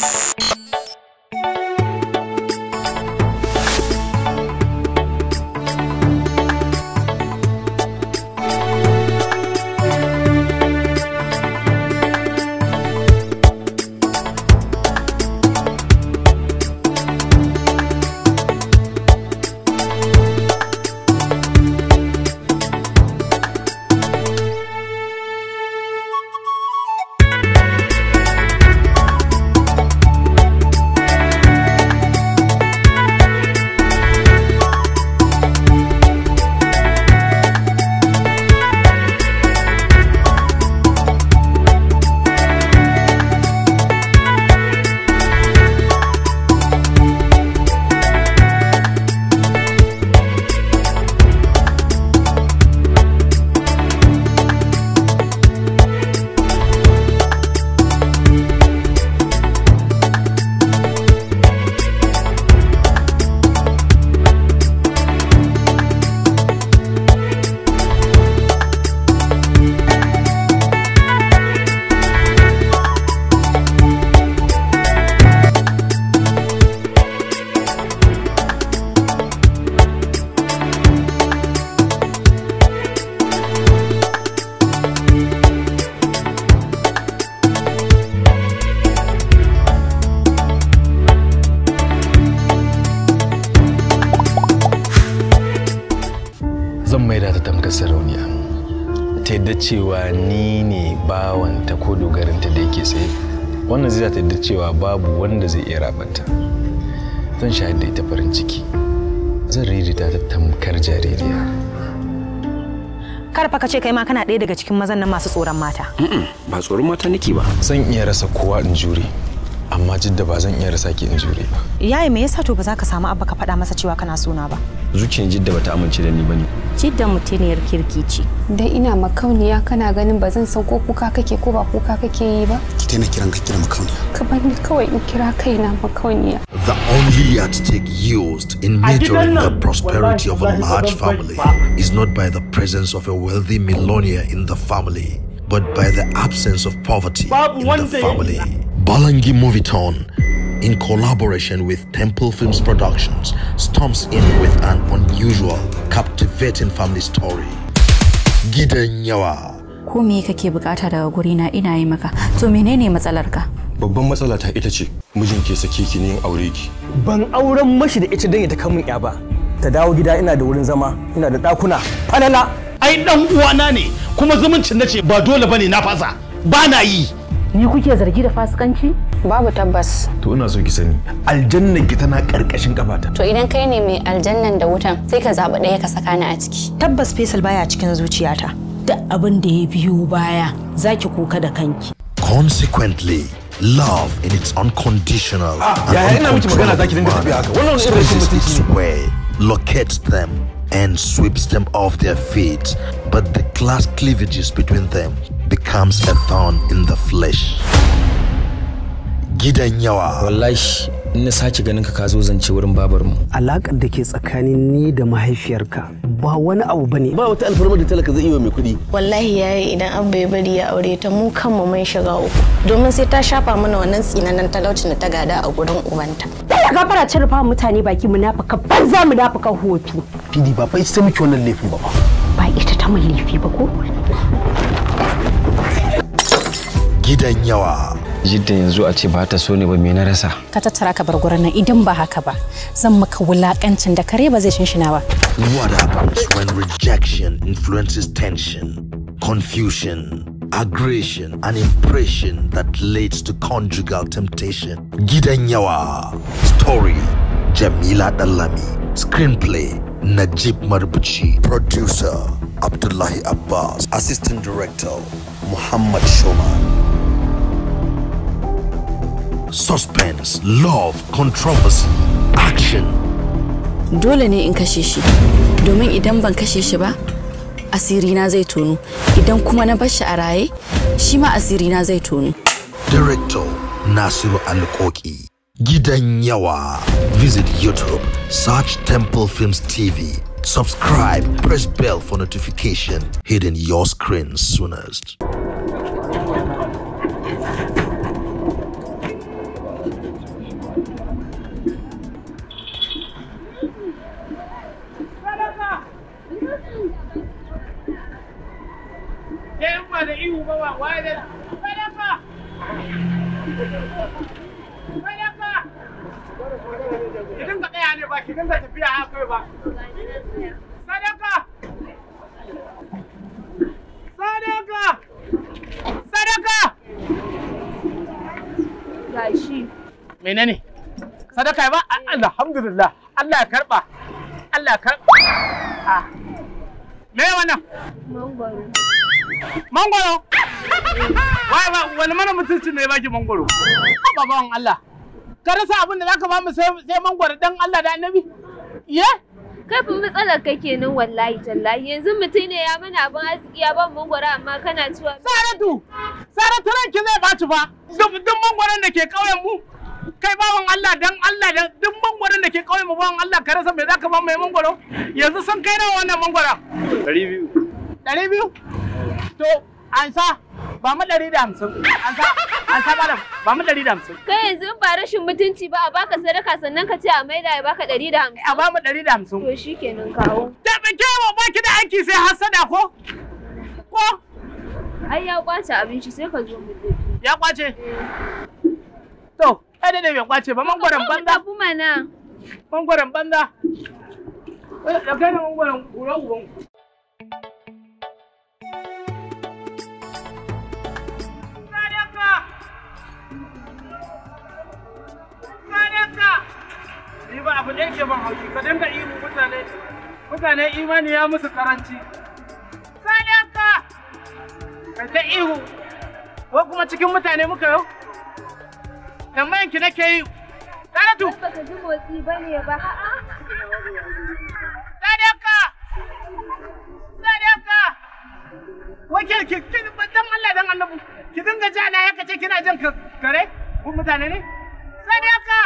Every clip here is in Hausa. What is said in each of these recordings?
Thank you. ta yadda cewa ni ne bawanta ko dogarinta da yake tsaye wannan zai ta yadda cewa babu wanda zai iya rabanta zan shahada ita farin ciki zan ririta ta tamkar jaririya kar fa ka ce kai ma kana ɗaya daga cikin mazan nan masu tsoron mata ba tsoron mata niki ba zan iya rasa kowa in jure amma jidda ba zan iya rasa ki in jure ba yayi me yasa to ba za ka samu abba ka faɗa masa cewa kana sona ba zuciyar jidda bata amince da ni bane jidda mutuniyar kirki ce da ina makauniya kana ganin ba zan san ko kuka kake ko ba kuka kake yi ba ki taina kiran ka kira makauniya ka bani kawai in kira kaina makauniya the only yard to take used in measuring the prosperity of a large family is not by the presence of a wealthy millionaire in the family but by the absence of poverty in the family Balangi Moviton, in collaboration with Temple Films Productions, stomps in with an unusual, captivating family story. Gidan yawa. Ko me kake bukata daga gurina, ina yi maka? To menene matsalarka? Babban matsala ta ita ce mijin ke sake ki ne aure ki. Ban auren mashi da ita dan ya ta kamun ya ba. Ta dawo gida ina da wurin zama, ina da dakuna. Falala. Ai dan uwana ne, kuma zumuncin nace ba dole bane na fasa. Ba na yi. ni kuke zargi da fasikanci? Babu tabbas. To ina so ki sani, aljannan ki tana karkashin kafata. To idan kai ne mai aljannan da wutan, sai ka zaɓi ɗaya ka saka ni a ciki. Tabbas Faisal baya cikin zuciyata. Duk abin da ya biyo baya, zaki kuka da kanki. Consequently, love in its unconditional ah, and uncontrollable its way, locates them and sweeps them off their feet, but the class cleavages between them becomes a thorn in the flesh. Gidan yawa. Wallahi in na sake ganin ka zo zance wurin babarmu. Alaƙar da ke tsakanin ni da mahaifiyarka ba wani abu ba ne. Ba wata alfarma da talaka zai iya mai kuɗi. Wallahi yi idan an bai bari ya aure ta mu kanmu mai shiga uku. Domin sai ta shafa mana wannan tsinanan talaucin da ta gada a gurin ubanta. Dala gafara cin rufa mutane baki munafuka banza munafukan hofi. Fidi ba fa ita ta miki wannan laifin ba ba. Ba ita ta mun laifi ba ko? gidan yawa. Jidda yanzu a ce ba ta so ne ba me na rasa. Ka tattara ka bar gurin nan idan ba haka ba zan maka wulaƙancin da kare ba zai shinshina ba. What happens when rejection influences tension, confusion, aggression and impression that leads to conjugal temptation? Gidan yawa. Story Jamila Dalami. Screenplay Najib Marbuchi. Producer Abdullahi Abbas. Assistant Director Muhammad Shoman. suspense, love, controversy, action. Dole ne in kashe shi, domin idan ban kashe shi ba, asirina zai tonu. Idan kuma na bar shi a raye, shi ma asirina zai tonu. Director Nasiru Alkoki, Gidan Yawa. Visit YouTube, search Temple Films TV. Subscribe, press bell for notification. Hidden your screen soonest. alhamdulillah Allah ya karba Allah ya karba ah me wannan mangoro mangoro wai ba wani mana mutunci ne baki mangoro baban Allah ka rasa abin da zaka ba mu sai mangoro dan Allah da annabi ye fa matsalar ka kenan wallahi tallahi yanzu mutum ne ya mana abin arziki ya ban mangoro amma kana cewa saratu saratu ranki zai baci fa duk mangoron da ke kauyen mu kai bawan Allah dan Allah da duk mangwaron da ke kauye mu bawan Allah ka rasa me zaka ba mai mangwaro yanzu sun kai nawa wannan mangwara 200 200 to ansa ba mu 150 ansa ansa ba sa malam ba mu 150 kai yanzu ba rashin mutunci ba a baka sadaka sannan ka ce a maida ya baka 150 a ba mu 150 to shikenan kawo da bake ba baki da aiki sai hasada ko ko ai ya kwace abinci sai ka zo mu ya kwace eh. to Ya dade bai kwace ba mangwaron banza. Ka kuma na. Mangwaron banza. Da eh, kai da mangwaron kura uban. Sadaka. Sadaka. Ni ba abu ɗaya ke ban haushi ka dinga ihu mutane. Mutane imani ya musu karanci. Sadaka. Ka ta ihu. Ko kuma cikin mutane muka yau? tambayan ki nake yi Saratu baka ji ba Sadaka Sadaka Wakil ki kin dan Allah dan Annabi ki dinga ji ana yaka ce kina jin kare ku mutane ne Sadaka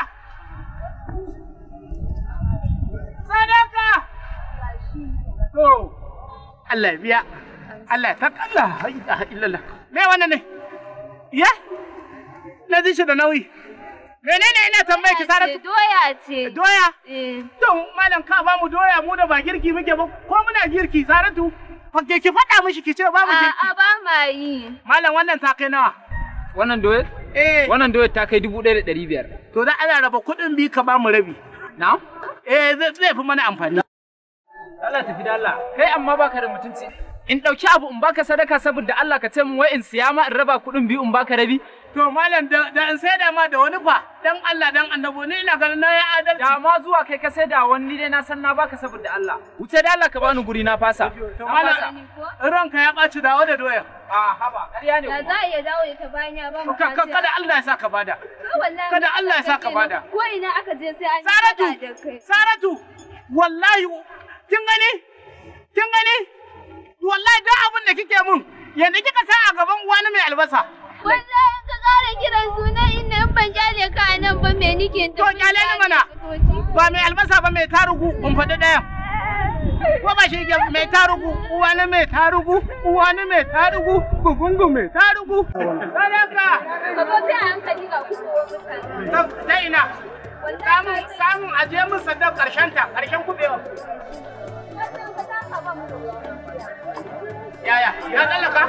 Sadaka To Allah biya Allah ta Allah illallah me wannan ne ya yeah? na shi da nauyi. Menene ina tambaye ki sarar Doya ce. Doya? Eh. To malam ka ba mu doya mu da ba girki muke ba ko muna girki Saratu? Ke ki faɗa mishi ki ce ba mu girki. A'a ba ma yi. Malam wannan ta kai nawa? Wannan doya? Eh. Wannan doya ta kai dubu ɗaya da ɗari biyar. To da ana raba kuɗin bi ka ba mu rabi. Na? Eh zai fi mana amfani. Allah tafi da Allah. Kai amma baka da mutunci. In ɗauki abu in baka sadaka saboda Allah ka ce min wai in siya ma in raba kuɗin biyu in baka rabi. To malam da in sai da ma da wani fa dan Allah dan annabo ni ina ganin na ya adalci. Da ma zuwa kai ka sai da wani dai na san na baka saboda Allah. Wuce da Allah ka bani guri na fasa. Malam ka ya ɓaci dawo da doyan. A haba ƙarya ne. Da za a iya dawo da ta bayan ya ba mu. Kada Allah ya sa ka bada. Kada Allah ya sa ka bada. Ko ina aka je sai an yi Saratu Saratu wallahi kin gani? Kin gani? Wallahi duk abin da kike mun yanzu kika sa a gaban uwa na mai albasa. Wanda in ka ƙara kiran suna, inda ban ka a nan ba mai nikin To kyale ni mana. Ba mai albasa ba mai tarugu in faɗi ɗaya. Ko ba shi ke mai tarugu uwa mai tarugu uwa mai tarugu gugungu mai tarugu. Sadaka. Ka a hankali ga Ta ina. Samun samun aje min sadar ƙarshen ta ƙarshen kuɓewa. Yaya, ya tsallaka?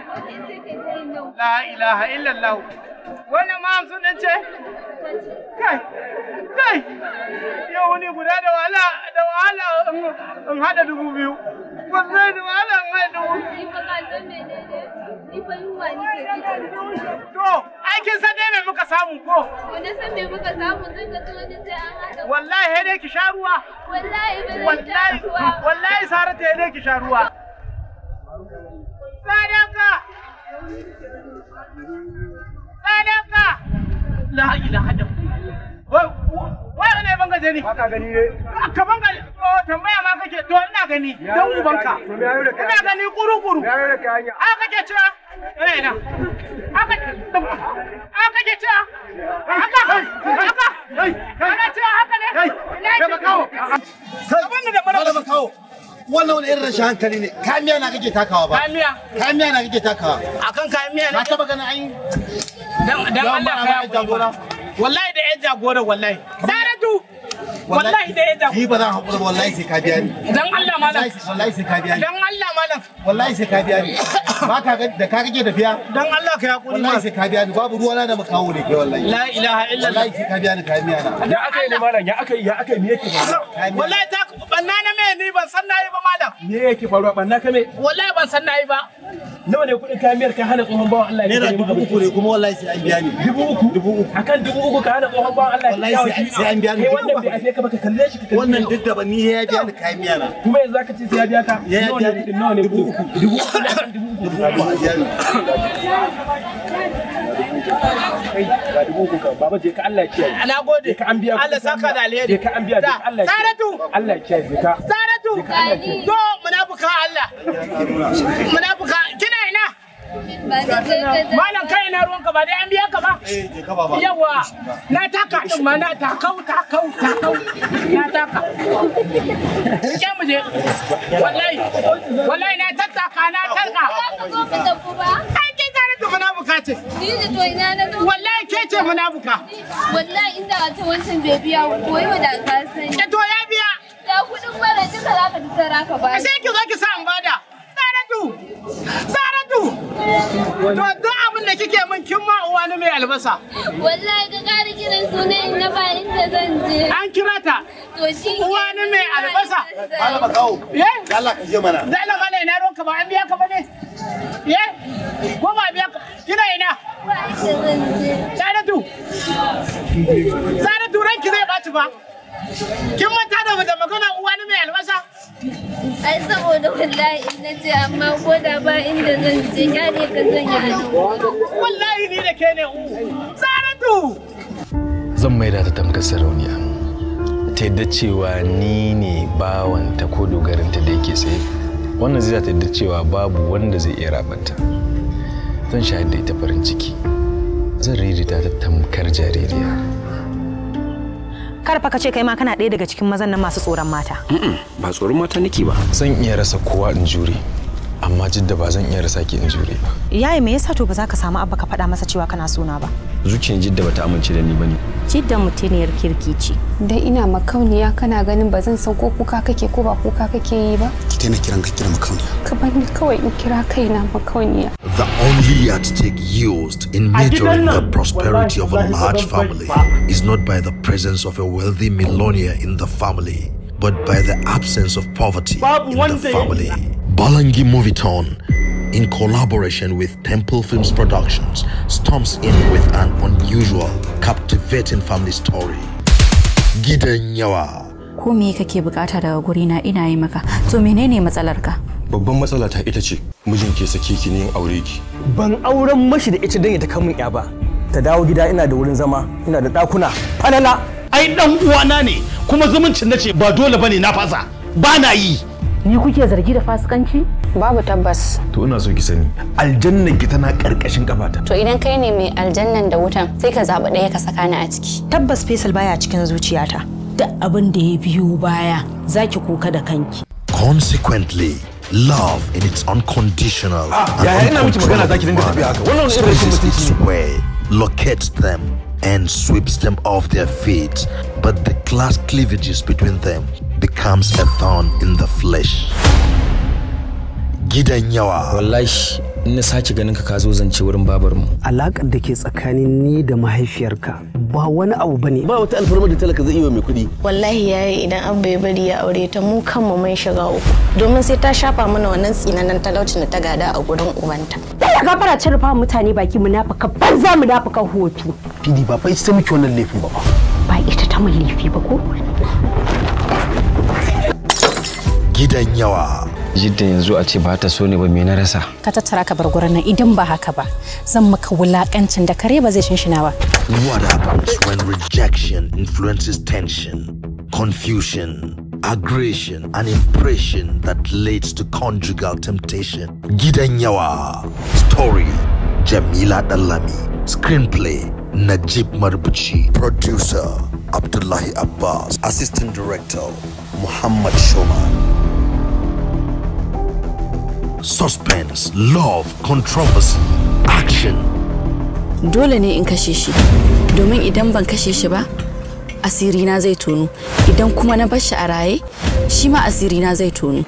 La ilaha illallah. Wannan ma ce? Kai, kai, yau wani guda da wahala da wahala in haɗa dubu biyu. Wannan da wahala in haɗa dubu. To, aikin san dai me muka samu ko? Wanda san me muka samu ka sai an haɗa. Wallahi ki sha ruwa. Wallahi ba zan sha ruwa. Wallahi Saratu sai ki sha ruwa. sadaka sadaka la ilaha illallah ne banga jani ka gani ne ah, ka banga tambaya ma kake to ina gani dan ubanka ina gani kuru kuru a kake cewa eh, ina ina aka aka ke cewa aka haka aka cewa haka ne ina ki abin da da mara kawo wannan wani irin rashin hankali ne kayan miya na kake takawa ba kayan miya na kake takawa akan kayan miya ne ka taba ganin an yi dan dan Allah ka yi jagora wallahi da yan jagora wallahi saratu wallahi da yan jagora yi ba zan hakura wallahi sai ka biya ni dan Allah malam wallahi sai ka biya ni dan Allah malam wallahi sai ka biya ni ba ka ga da ka kake tafiya dan Allah ka hakuri wallahi sai ka biya ni babu ruwa na da makawo ne kai wallahi la ilaha illallah wallahi sai ka biya ni kayan miya na da akai ne malam ya akai ya akai me yake wallahi ta Banna na me ni ban san nayi ba malam. Me yake faruwa banna ka me? Wallahi ban san nayi ba. Nawa ne kuɗin kamiyar ka hana tsohon bawan Allah? ne Naira dubu uku ne kuma wallahi sai an biya ni. Dubu uku? Dubu uku. Akan dubu uku ka hana tsohon bawan Allah? Wallahi sai an biya ni. Kai wannan bai afe ka baka kalle shi ka kalle. Wannan duk da ba ni ya biya ni kamiya na. Kuma yanzu zaka ce sai ya biya ka? Ya biya ni. ne kuɗin? Dubu uku. Dubu uku. Dubu uku. Dubu uku. kai ya na ka saratu ya saratu to munafuka Allah munafuka kina ina ba dai an biya ka ba? Yawa na taka din ma na takau na taka. Ke mu je. Wallahi. Ni da to ina na zo. Wallahi ke ce buka. Wallahi inda a ta wancan bai biya ko wa da ka sani. Ke eh, to ya biya. Da kuɗin mara duka zaka ta ka ba. Sai ki zo ki sa in bada. Saratu. Saratu. To duk abin da kike min kin ma uwa ni mai albasa. Wallahi ka ƙara kiran sunan in na ba inda zan je. An kira ta. To shi Uwa ni mai albasa. Malama kawo. Eh. Dalla ka je mana. Dalla mana ina ruwanka ba an biya ka ba ne. ya eh? Ko ba biya ka. Kina ina. da Saratu! Saratu ranki zai baci ba. Kin manta da wata magana uwa ni mai albasa? Ai saboda wallahi in na ce amma ko da ba inda zan je ya ne ka zan yi hadu. Wallahi ni da ke ne u. Saratu! Zan maida ta tamkar sarauniya. Ta yadda cewa ni ne bawanta ko dogarinta da yake tsaye. Wannan zai ta yadda cewa babu wanda zai iya rabanta. zan shayar da ita farin ciki zan ririta ta tamkar jaririya karfa ka ce kai ma kana ɗaya daga cikin mazan nan masu tsoron mata ba tsoron mata niki ba zan iya rasa kowa in jure amma jidda ba zan iya rasa ki in jure ba yayi me yasa to ba za ka samu abba ka faɗa masa cewa kana sona ba zuciyar jidda bata amince da ni bane jidda mutuniyar kirki ce dan ina makauniya kana ganin ba zan san ko kuka kake ko ba kuka kake yi ba ki daina kiran ka kira makauniya ka bani kawai in kira kaina makauniya the only to take used in measuring the prosperity of a large family is not by the presence of a wealthy millionaire in the family but by the absence of poverty in the family Balangi Moviton, in collaboration with Temple Films Productions, stomps in with an unusual, captivating family story. Gidan Yawa. Ko me kake bukata daga guri na ina yi maka? To menene matsalarka? Babban matsala ta ita ce mijin ke saki ki ne aure ki. Ban auren mashi da ita dan ya ta kamun ya ba. Ta dawo gida ina da wurin zama, ina da dakuna, falala. Ai dan uwana ne, kuma zumuncin nace ba dole bane na fasa. Ba na yi. ni kuke zargi da fasikanci? Babu tabbas. To ina so ki sani, aljanna ki tana karkashin kafata. To idan kai ne mai aljannan da wutan, sai ka zaɓi ɗaya ka saka ni a ciki. Tabbas Faisal baya cikin zuciyata. Duk abin da ya biyo baya, zaki kuka da kanki. Consequently, love in its unconditional ah, and uncontrolled its way, locates them and sweeps them off their feet, but the class cleavages between them becomes a thorn in the flesh. Gidan yawa. Wallahi in na sake ganin ka zo zance wurin babar mu. Alakar da ke tsakanin ni da mahaifiyarka ba wani abu bane. Ba wata alfarma da talaka zai iya mai kuɗi. Wallahi yayi idan an bai bari ya aure ta mu kanmu mai shiga uku. Domin sai ta shafa mana wannan tsinanan talauci da ta gada a gurin ubanta. Dai ya fara cin rufa mutane baki munafika banza munafikan hoto. Fidi ba fa ita muke wannan laifin ba ba. Ba ita ta mun laifi ba ko? gidan yawa. Jidda yanzu a ce ba ta so ne ba me na rasa. Ka tattara ka bar gurin nan idan ba haka ba zan maka wulaƙancin da kare ba zai shinshina ba. What happens when rejection influences tension, confusion, aggression and impression that leads to conjugal temptation? Gidan yawa. Story Jamila Dallami. Screenplay Najib Marbuchi. Producer Abdullahi Abbas. Assistant Director Muhammad Shoman. suspense, love, controversy, action. Dole ne in kashe shi, domin idan ban kashe shi ba, asirina zai tonu. Idan kuma na bar shi a raye, shi ma asirina zai tonu.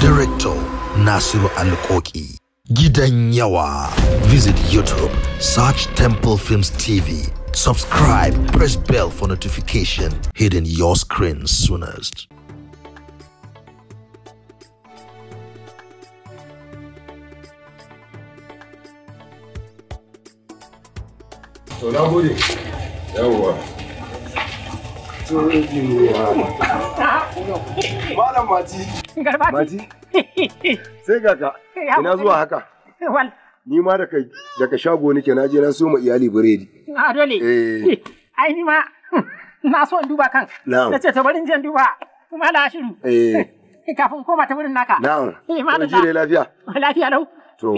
Director Nasiru Alkoki, Gidan Yawa. Visit YouTube, search Temple Films TV. Subscribe, press bell for notification, hidden your screen soonest. to na gode yawwa Malam Mati. Mati. Sai kaka. Ina zuwa haka. Wal. Ni ma daga daga shago nake na je na so ma iyali biredi. A dole. Eh. Ai ni ma na so in duba kan. Na'am. Nace ta barin je in duba. Kuma la shiru. Eh. Kafin koma ta wurin naka. Na'am. Eh malam. Ji dai lafiya. Lafiya lau. To.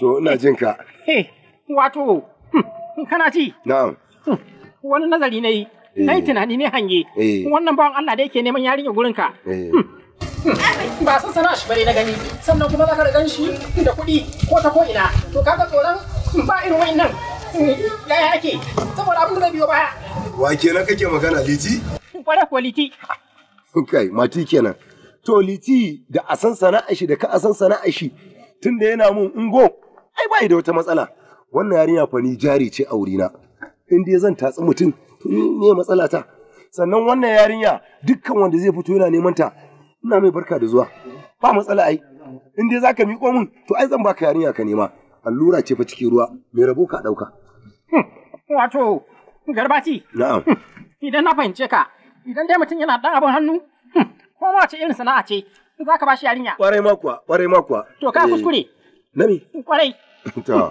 To ina jin ka. Eh, wato. Hmm. kana ci na'am hmm. wani nazari na yi na yi eh. tunani ne hange eh. wannan bawan Allah da yake neman yarinya gurin ka eh. hmm. hmm. ba san sana shi bare na gani sannan kuma za ka shi da kuɗi ko ta ko ina to kaga tsoron ba irin ya yaya ake saboda abin da zai biyo baya wa kenan kake magana liti kwarai ko liti kai mati kenan to liti da asan sana'a shi da ka asan sana'a shi tunda yana mun ungo ai bai da wata matsala wannan yarinya fa ni jari ce a wurina in dai zan tatsi mutum ne matsala ta sannan wannan yarinya dukkan wanda zai fito yana neman ta ina mai barka da zuwa ba matsala ai in dai zaka miƙo min to ai zan baka yarinya ka nema allura ce fa cikin ruwa mai rabo ka dauka hmm, wato garbati na'am hmm, idan na fahimce ka idan dai mutum yana dan abin hannu hmm, ko ma ce irin sana'a ce Za ka ba shi yarinya kwarai ma kuwa kwarai ma kuwa to ka eh. kuskure na me kwarai to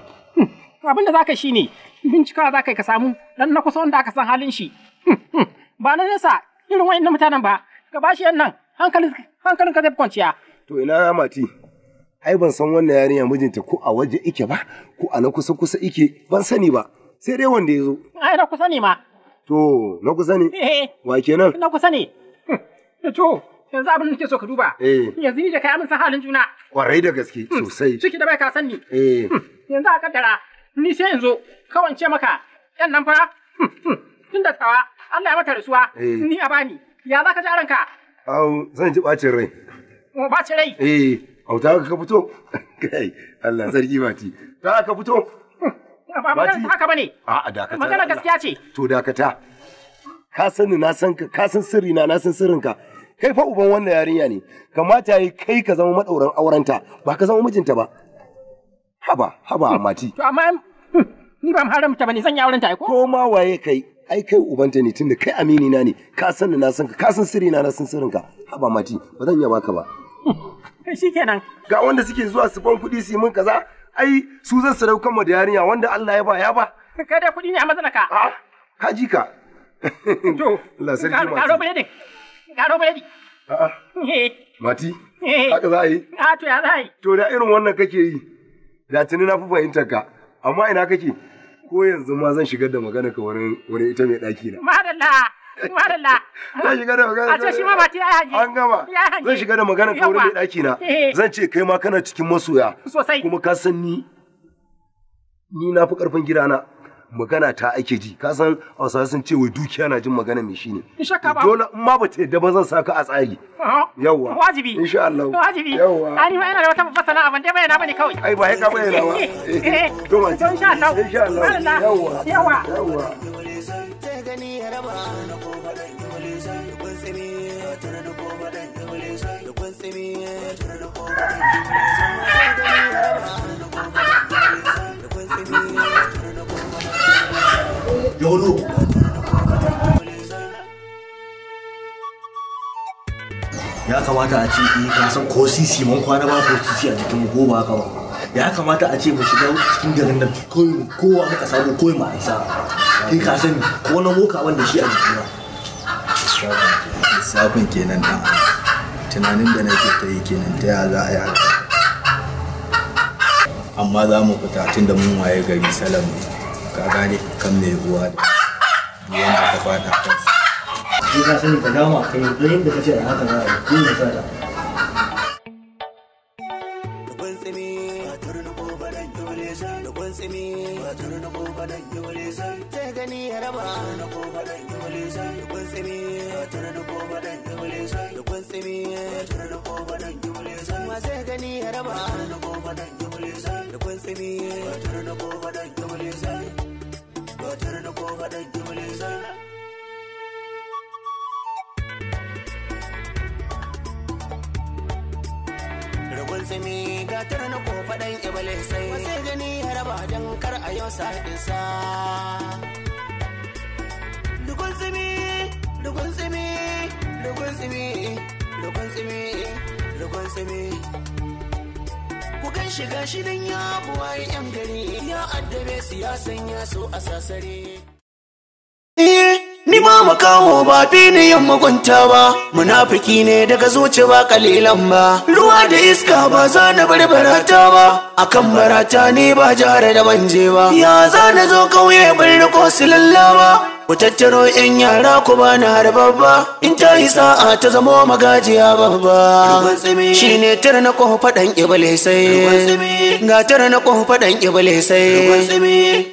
abin da za ka shi ne bincika za ka yi ka samu dan na kusa wanda aka san halin shi hmm, hmm. ba na nesa irin wa'in mutanen ba ka ba shi yan nan hankalin ka zai kwanciya. to ina mati ai ban san wannan yarinya mijinta ko a waje ike ba ko a na kusa kusa ike ban sani ba sai dai wanda ya zo. ai na kusa ne ma. to na kusa ne. Eh, eh. wa kenan. na kusa ne. Hmm. Eh, to yanzu abin da nake so ka duba. Yanzu ni da kai amin san halin juna. Kwarai da gaske sosai. Ciki da bai ka san ni. Yanzu a kaddara ni sai yanzu kawai ce maka yan nan fa hmm, hmm, tun da tsawa Allah ya mata rasuwa eh. ni a bani ya za ka ji ranka au zan ji bacin rai bacin rai eh au ta ka fito kai Allah sarki bati ta ka fito hmm, ba magana haka bane a a dakata magana gaskiya ce to dakata ka sani na san ka ka san sirri na na san sirrinka kai fa uban wannan yarinya ne kamata yi kai ka zama madauran aurenta ba ka zama mijinta ba haba haba hmm. mati to amma hmm, ni ba haramta bane zan yi auren ta ai ko ko ma waye kai ai kai ubanta ne tunda kai amini na ne ka san na san ka ka san sirri na na san sirrin ka haba mati ba zan yaba baka ba hmm. kai shikenan ga wanda suke zuwa su ban kuɗi su yi min kaza ai su zan su daukan mu da yarinya wanda Allah ya ba ya ba kai da kuɗi ne a mazanaka. ka a ka ji ka to Allah sarki mati karo bane karo bane a'a eh. mati eh. haka za a yi a ah, to ya za a yi to da irin wannan kake yi da tuni na fi fahimtar ka amma ina kake ko yanzu ma zan shigar da magana ka wurin wurin ita mai daki na madalla madalla zan shigar da magana a ce shi ma ba ta yi hanji an gama zan shigar da magana ka wurin mai daki na eh. zan ce kai ma kana cikin masoya sosai kuma ka san ni ni na fi karfin gidana magana ta ake ji ka san hausa sun ce wai dukiya na jin magana mai shine dole in ma ba ta yadda ba zan saka a tsari yawa wajibi insha Allah wajibi yawa ani ma ina da wata babbar sana'a ban dai bayyana bane kawai ai ba sai ka bayyana ba eh, to ma insha Allah insha Allah yawa yawa yawa Ah! Ya kamata a ce eh ka san ko sisi mun kwana ba ko sisi a jikin mu ko ba ba. Ya kamata a ce mu shiga cikin garin nan koyi kowa muka samu koyi ma isa. Kai ka sani ko na moka wanda shi a jikina. Lissafin kenan dan ah. tunanin da nake ta yi kenan ta ya za a yi haka. amma za mu fita tun da mun waye gari salam ka gane kan mai ruwa da wanda ka fada kansa. Ina sani ka dama kai don yin ka ce a haka za a yi, sa da tsimi gatar na fadan ibalin sai wasai gani haraba dan kar a yau sa isa dugun tsimi lukun tsimi lukun tsimi lukun tsimi lukun tsimi ku gan shiga shi dan ya buwaye yan gari ya addabe siyasan ya so a sasare kawo ba fini yin mugunta ba munafiki ne daga zuci ba kalilan ba ruwa da iska ba za na bar barata ba akan barata ne ba jihar da banje ba ya za na zo kauye birni ko silalla ba ku tattaro yan yara ku ba na har babba in ta yi sa'a ta zamo magajiya babba shi ne tara na kofa dan ibale sai ga tara na kofa dan ibale sai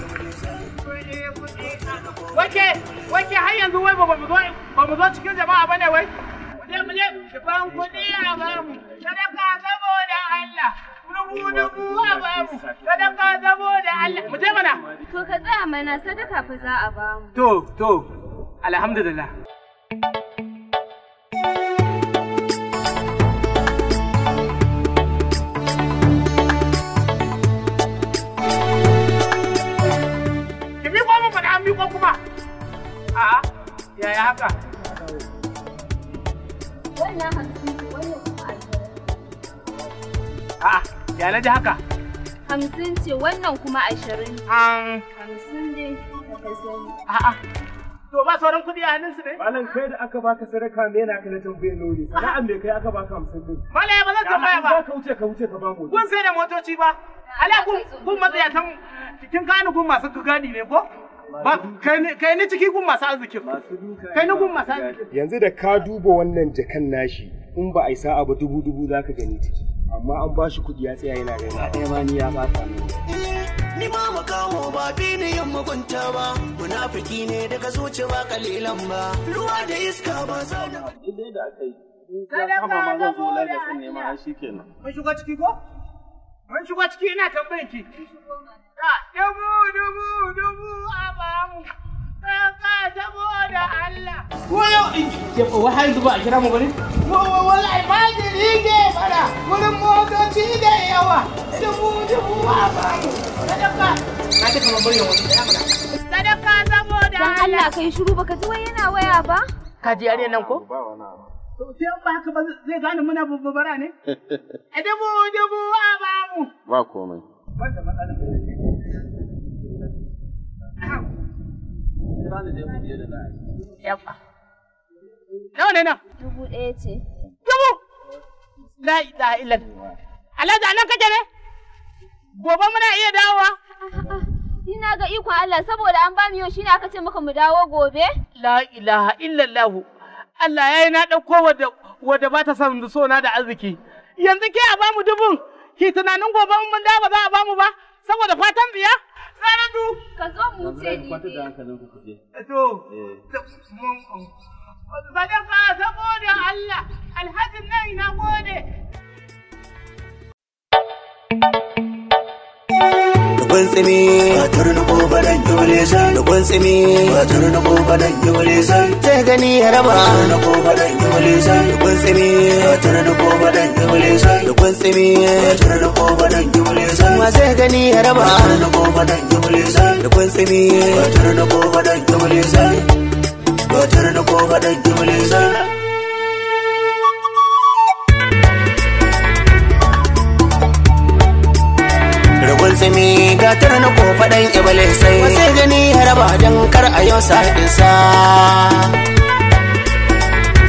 Wace, wace har yanzu wai ba mu zo ba mu zo cikin jama'a bane wai. Je mu ban kuɗi a bamu. Sadaka zabo da Allah. Dubu dubu a bamu. Sadaka zabo da Allah. Mu je mana. To ka tsaya mana sadaka fa za a bamu. To, to. Alhamdulillah. haka wannan hamsin wannan kuma ashirin a'a ya na haka hamsin ce wannan kuma ashirin hamsin dai ka sani a'a To ba sauran kuɗi a hannunsu ne? Malam kai da aka baka sadaka me yana kana tambaye noni? Sana'an me kai aka baka hamsin din? Malam ya ba zan tambaya ba. Za ka wuce ka wuce ka ba mu. Kun sai da motoci ba? Ala kun kun matsayatan kin kani kun masu gadi ne ko? ba kai ni ciki gun masu arzikin kai ni gun masu arzikin yanzu da ka duba wannan jakan nashi in ba a yi sa'a ba dubu dubu za ka gani ciki amma an ba shi kuɗi ya tsaya yana gani ɗaya ma ni ya ɓata ni ni ma kawo ba bi ni yin mugunta ba munafiki ne daga zuci ba kalilan ba ruwa da iska ba za da ba da aka yi ka kama ma zan zo da sun nema shi kenan mun shiga ciki ko Mun shigo ciki ina tambayin ki. Dubu dubu dubu a bamu. Kaka saboda Allah. Ko yau in ki wai har dubu mu Wallahi ba ki rige fara. Wurin motoci da yawa. Dubu dubu a bamu. Sadaka. Na ta kama saboda Allah. Dan Allah kai shiru baka ji wai yana waya ba? Ka ji yare nan ko? Ba wani abu. sai ba haka ba zai gane muna babbara ne? A dabo dabo a ba mu. Ba komai. Wanda matsala. Yabba. Nawa ne nan? Dubu ɗaya ce. Dubu! La ila ila. Alhaji anan kake ne? Gobe muna iya dawowa. Ina ga ikon Allah saboda an ba mu yau shine aka ce maka mu dawo gobe? La ilaha illallah. Allah ya yi na ɗauko wadda wadda ba ta samun sona da arziki yanzu ke a bamu dubun ki tunanin gobe mun da ba za a bamu ba saboda fatan biya Saradu ka zo mu ce ni to sadaka eh. saboda Allah alhajin nan na gode thank you nukun tsimi fatar na gobaran yule sai tsimi na gani ya raba na tsimi na tsimi na ma sai gani ya raba na tsimi na na tsimi ga na ko faɗan ibalisai sai gani haraba dan kar a yau sa isa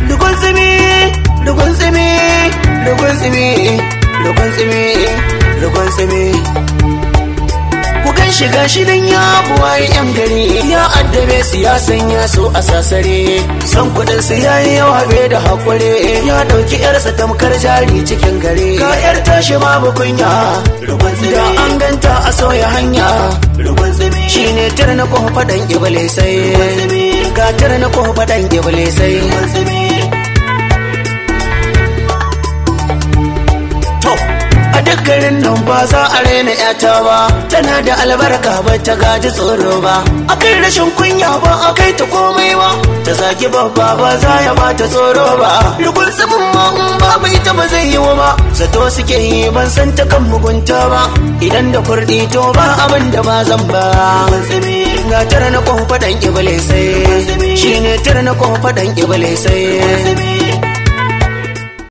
dukun tsimi dukun tsimi dukun tsimi dukun tsimi dukun tsimi ku gan shi gashi ya buwaye yan gari ya addabe su ya sanya su a sasare san kudin su yayi yawa be da hakure ya dauki yarsa tamkar jari cikin gare ka yar tashi babu kunya ruban da an ganta a sauya hanya ruban shine tarna na fadan dan sai ga tar na kofa dan ibile zubi. duk garin nan ba za a raina yata ba tana da albarka ba ta gaji tsoro ba a kan rashin kunya ba a kai ta komai ba ta zagi babba ba za ya ba ta tsoro ba rukun tsibin ma in ba bai ta ba zai yi wa ba zato suke yi ban san ta kan mugunta ba idan da kurɗi to ba abin da ba zan ba ga tara na kofa dan ibile sai ne tara na kofa dan ibile sai